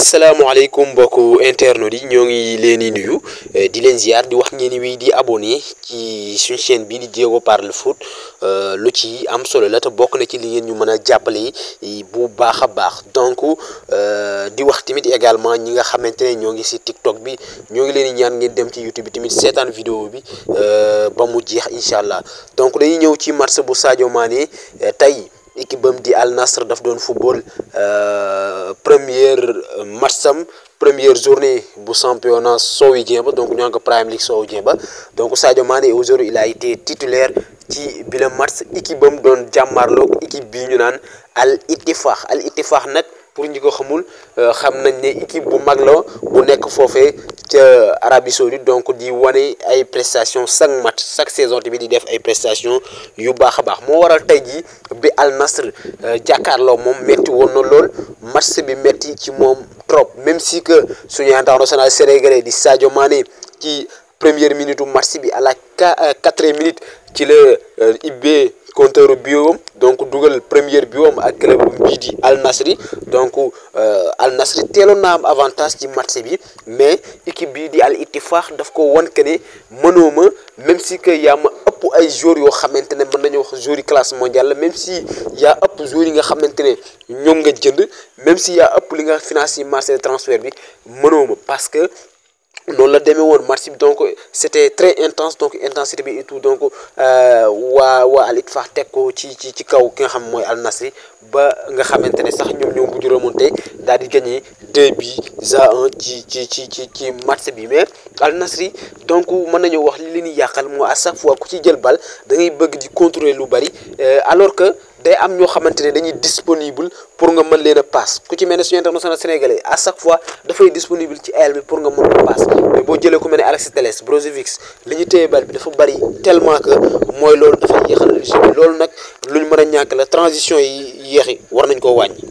asalaamaaleykum mbokku internet yi ñoo ngi leen di nuyu eh, di leen ziar di wax ngeen wii di abonné ci suñu chaîne bii di Diégo Parle Foot eh, lu ci am solo la te bokk na ci li ngeen ñu mën a jàppale bu baax a baax donc eh, di wax tamit également ñi nga xamante ne ñoo ngi si TikTok bi ñoo ngi leen ñaan ngeen dem ci YouTube bi tamit seetaan vidéo bi ba mu jeex incha allah donc dañuy ñëw ci match bu Sadio Mané tey équipe di Al Nassr daf doon football. première euh, match première journée du championnat saoudien donc nous prime league saoudien ba donc Sadio Mané aujourd'hui il a été titulaire ci bi la match équipe bam don jàmmarloog équipe bi ñu nan Al Ittifaq Al Ittifaq nak pour ñi ko xamul euh, xam nañ né équipe bu mag la bu nek fofé ci Arabie Saoudite donc di wone ay prestations chaque match chaque saison tamit di def ay prestations yu baax a baax moo waral tey bi Al nasr euh, jàkkaarloo mom metti woon lol match bi metti ci moom trop même si que suñu international sénégalais di Sadio Mané qui première minute match marsibi à la 4 euh, minute ci la contre euh, compteur biome donc google première biome a club un di Al Nasri donc euh, Al Nasri tel nam avantage ci match bi mais équipe Bidi Al Ittifaq daf ko won que né même si que yam un ëpp ay joueurs yo Jury de classe mondiale même si il y ëpp un yi nga xamantene ñom nga jënd même si il y un ëpp li nga financement marché transfert bi parce que non la demee won match donc c'était très intense donc intensité bi et tout donc euh, wa wa Al fa teg ko ci ci ci kaw ki nga xam moy Al Nasri ba nga xamantene ne sax ñoom ñoo mujj remonté dal di gagner 2 buts à 1 ci ci ci ci ci match bi mais Al Nasri donc meun nañu wax li li ni yakal mo à chaque fois ku ci jël bal da ngay bëgg di contrôler lu bari euh, alors que. day am ñoo xamante ne dañuy disponible pour nga mën leen a paas ku ci mel ne suñu international sénégalais à chaque fois dafay disponible ci aile bi pour nga mën ko paas mais boo jëlee ku mel ne Alexis Telles Brozovic li ñu téye bal bi dafa bari tellement que mooy loolu dafay yéexal loolu nag luñ mën a ñàkk la transition yi yéexi war nañ koo wàññi.